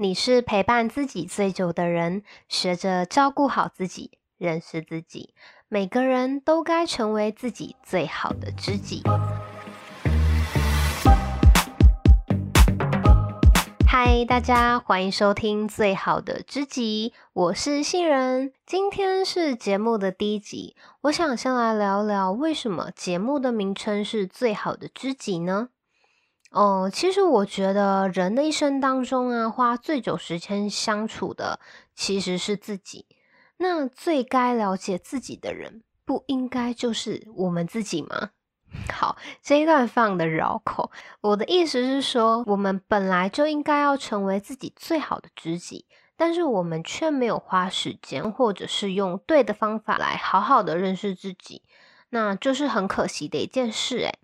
你是陪伴自己最久的人，學着照顧好自己，認識自己。每個人都該成為自己最好的知己。嗨，大家歡迎收聽《最好的知己》，我是杏仁。今天是節目的第一集，我想先來聊聊為什麼節目的名稱是《最好的知己》呢？哦、嗯，其實我覺得人的一生當中啊，花最久時間相處的其實是自己。那最該了解自己的人，不應該就是我們自己嗎？好，這一段放的繞口，我的意思是說，我們本來就應該要成為自己最好的知己，但是我們卻沒有花時間，或者是用對的方法來好好的認識自己，那就是很可惜的一件事誒、欸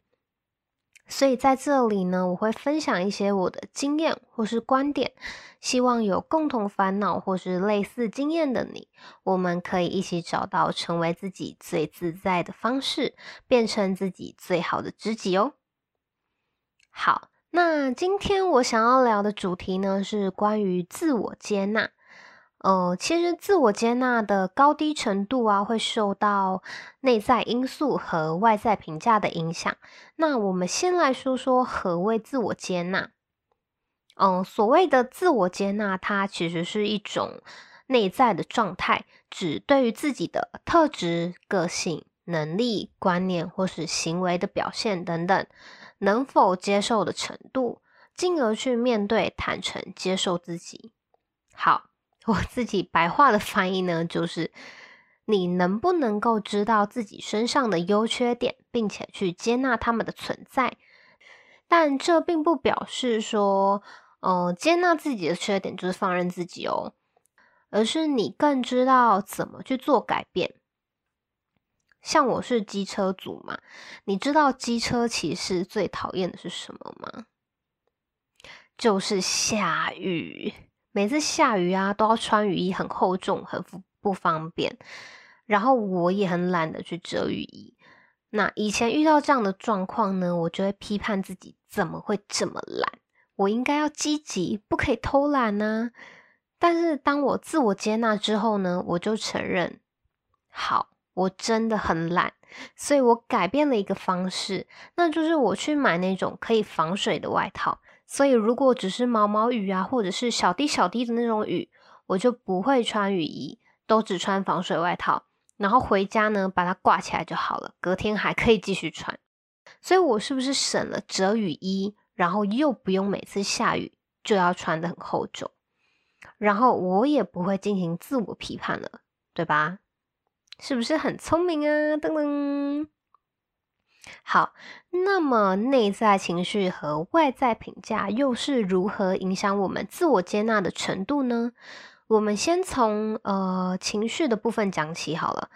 所以在這裡呢，我會分享一些我的經驗或是觀點，希望有共同煩惱或是類似經驗的你，我們可以一起找到成為自己最自在的方式，變成自己最好的知己哦。好，那今天我想要聊的主題呢，是關於自我接納。呃，其實自我接納的高低程度啊，會受到內在因素和外在評價的影響。那我們先來說說何謂自我接納。嗯、呃，所謂的自我接納，它其實是一種內在的狀態，指對於自己的特質、個性、能力、觀念或是行為的表現等等，能否接受的程度，進而去面對、坦誠接受自己。好。我自己白話的翻譯呢，就是你能不能夠知道自己身上的優缺點，並且去接納他們的存在？但這並不表示說，哦、呃，接納自己的缺點就是放任自己哦，而是你更知道怎麼去做改變。像我是機車族嘛，你知道機車騎士最討厭的是什麼嗎？就是下雨。每次下雨啊，都要穿雨衣，很厚重，很不，不方便。然後我也很懶得去折雨衣。那以前遇到這樣的狀況呢，我就會批判自己怎麼會這麼懶，我應該要積極，不可以偷懶啊。但是當我自我接納之後呢，我就承認，好，我真的很懶，所以我改變了一個方式，那就是我去買那種可以防水的外套。所以，如果只是毛毛雨啊，或者是小滴小滴的那種雨，我就不會穿雨衣，都只穿防水外套，然後回家呢，把它掛起來就好了，隔天還可以繼續穿。所以，我是不是省了折雨衣，然後又不用每次下雨就要穿得很厚重，然後我也不會進行自我批判了，對吧？是不是很聰明啊？噔噔。好，那麼內在情緒和外在評價又是如何影響我們自我接納的程度呢？我們先從呃情緒的部分講起好了，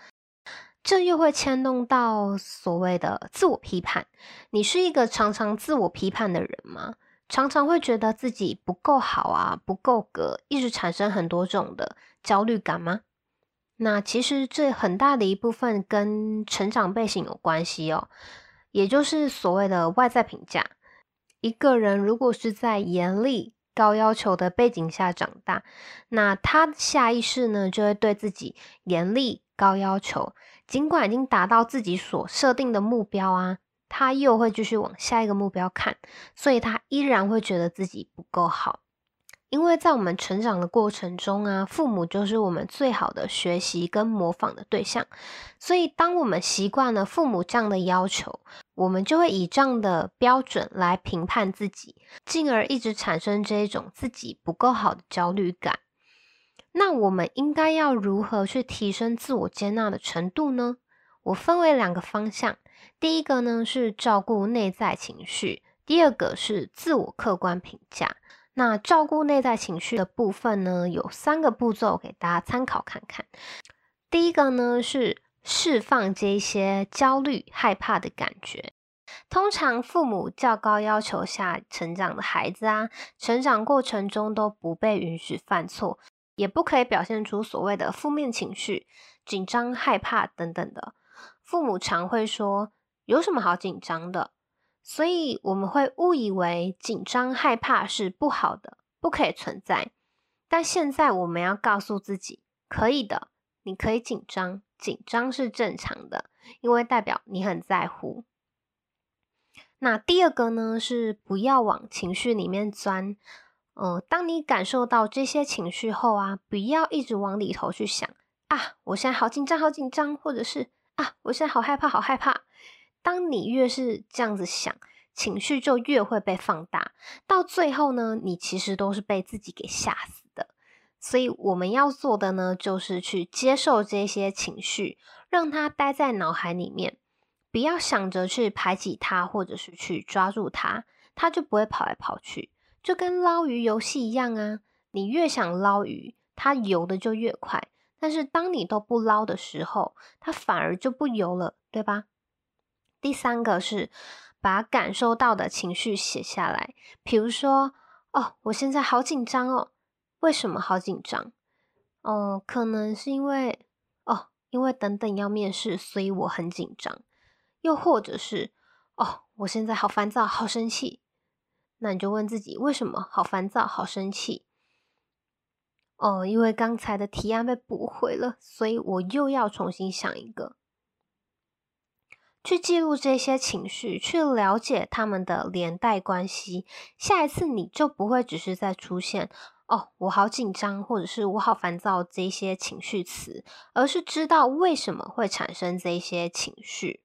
這又會牽動到所謂的自我批判。你是一個常常自我批判的人嗎？常常會覺得自己不夠好啊，不夠格，一直產生很多這種的焦慮感嗎？那其實這很大的一部分跟成長背景有關係哦，也就是所謂的外在評價。一個人如果是在嚴厲、高要求的背景下長大，那他下意識呢就會對自己嚴厲、高要求。儘管已經達到自己所設定的目標啊，他又會繼續往下一個目標看，所以他依然會覺得自己不夠好。因為在我們成長的過程中啊，父母就是我們最好的學習跟模仿的對象，所以當我們習慣了父母這樣的要求，我們就會以這樣的標準來評判自己，進而一直產生這一種自己不夠好的焦慮感。那我們應該要如何去提升自我接納的程度呢？我分為兩個方向，第一個呢是照顧內在情緒，第二個是自我客觀評價。那照顧內在情緒的部分呢，有三個步驟給大家參考看看。第一個呢，是釋放這些焦慮、害怕的感覺。通常父母較高要求下成長的孩子啊，成長過程中都不被允許犯錯，也不可以表現出所謂的負面情緒、緊張、害怕等等的。父母常會說：“有什麼好緊張的？”所以我們會誤以為緊張害怕是不好的，不可以存在。但現在我們要告訴自己，可以的，你可以緊張，緊張是正常的，因為代表你很在乎。那第二個呢，是不要往情緒裡面鑽。嗯、呃，當你感受到這些情緒後啊，不要一直往裡頭去想啊，我現在好緊張，好緊張，或者是啊，我現在好害怕，好害怕。當你越是這樣子想，情緒就越會被放大，到最後呢，你其實都是被自己給嚇死的。所以我們要做的呢，就是去接受這些情緒，讓它待在腦海裡面，不要想着去排擠它，或者是去抓住它，它就不會跑來跑去。就跟撈魚遊戲一樣啊，你越想撈魚，它游得就越快；但是當你都不撈的時候，它反而就不游了，對吧？第三個是把感受到的情緒寫下來，比如說，哦，我現在好緊張哦，為什麼好緊張？哦，可能是因為，哦，因為等等要面試，所以我很緊張。又或者是，哦，我現在好煩躁，好生氣。那你就問自己，為什麼好煩躁，好生氣？哦，因為剛才的提案被駁回了，所以我又要重新想一個。去記錄這些情緒，去了解他們的連帶關係。下一次你就不會只是再出現“哦，我好緊張”或者是“我好煩躁”這些情緒詞，而是知道為什麼會產生這些情緒。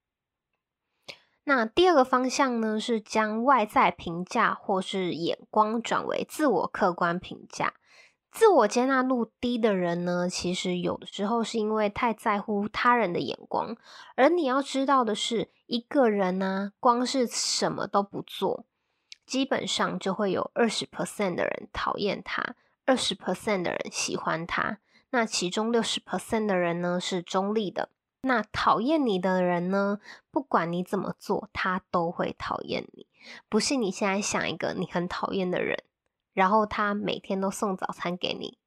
那第二個方向呢，是將外在評價或是眼光轉為自我客觀評價。自我接納度低的人呢，其實有的時候是因為太在乎他人的眼光。而你要知道的是，一個人呢、啊，光是什麼都不做，基本上就會有二十 percent 的人討厭他，二十 percent 的人喜歡他，那其中六十 percent 的人呢是中立的。那討厭你的人呢，不管你怎麼做，他都會討厭你。不信，你現在想一個你很討厭的人。然後他每天都送早餐給你，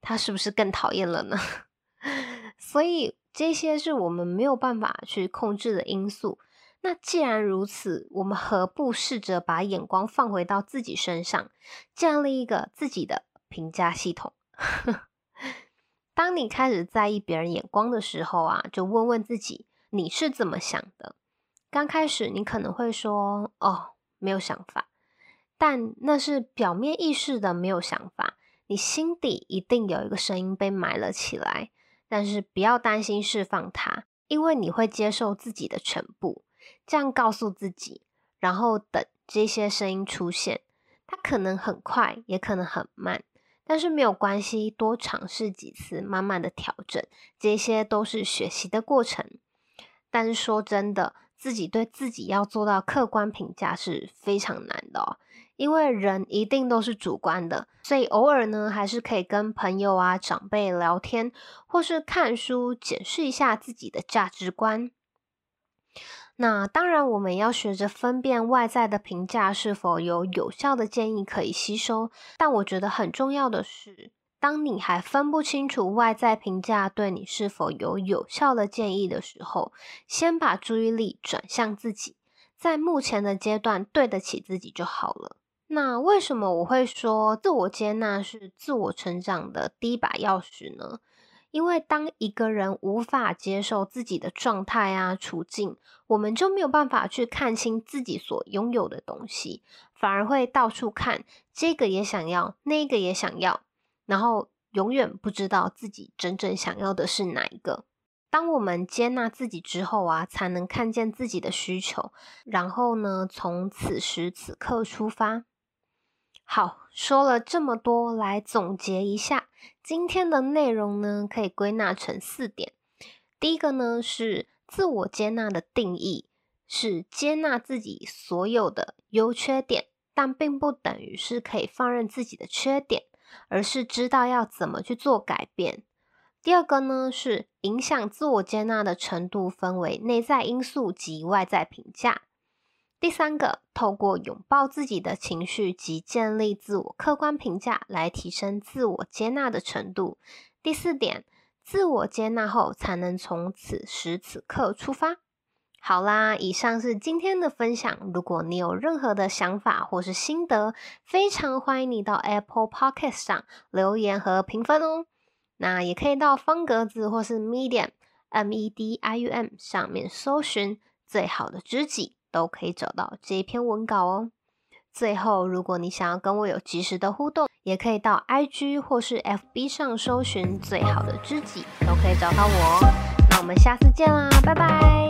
他是不是更討厭了呢？ 所以這些是我們沒有辦法去控制的因素。那既然如此，我們何不試着把眼光放回到自己身上，建立一個自己的評價系統？ 當你開始在意別人眼光的時候啊，就問問自己，你是怎麼想的？剛開始你可能會說：“哦，沒有想法。”但那是表面意識的，沒有想法。你心底一定有一個聲音被埋了起來，但是不要擔心釋放它，因為你會接受自己的全部。這樣告訴自己，然後等這些聲音出現，它可能很快，也可能很慢，但是沒有關係，多嘗試幾次，慢慢的調整，這些都是學習的過程。但是說真的。自己對自己要做到客觀評價是非常難的哦，因為人一定都是主觀的，所以偶爾呢，還是可以跟朋友啊、長輩聊天，或是看書檢視一下自己的價值觀。那當然，我們要學着分辨外在的評價是否有有效的建議可以吸收，但我覺得很重要的是，當你還分不清楚外在評價對你是否有有效的建議的時候，先把注意力轉向自己，在目前的階段對得起自己就好了。那為什麼我會說自我接納是自我成長的第一把鑰匙呢？因為當一個人無法接受自己的狀態啊、處境，我們就沒有辦法去看清自己所擁有的東西，反而會到處看，這個也想要，那個也想要。然後永遠不知道自己真正想要的是哪一個。當我們接納自己之後啊，才能看見自己的需求。然後呢，從此時此刻出發。好，說了這麼多，來總結一下今天的內容呢，可以歸納成四點。第一個呢是自我接納的定義，是接納自己所有的優缺點，但並不等於是可以放任自己的缺點。而是知道要怎麼去做改變。第二個呢，是影響自我接納的程度分為內在因素及外在評價。第三個，透過擁抱自己的情緒及建立自我客觀評價來提升自我接納的程度。第四點，自我接納後才能從此時此刻出發。好啦，以上是今天的分享。如果你有任何的想法或是心得，非常歡迎你到 Apple Podcast 上留言和評分哦。那也可以到方格子或是 Medium，M E D I U M 上面搜尋最好的知己，都可以找到這篇文稿哦。最後，如果你想要跟我有即時的互動，也可以到 IG 或是 FB 上搜尋最好的知己，都可以找到我哦。那我們下次見啦，拜拜。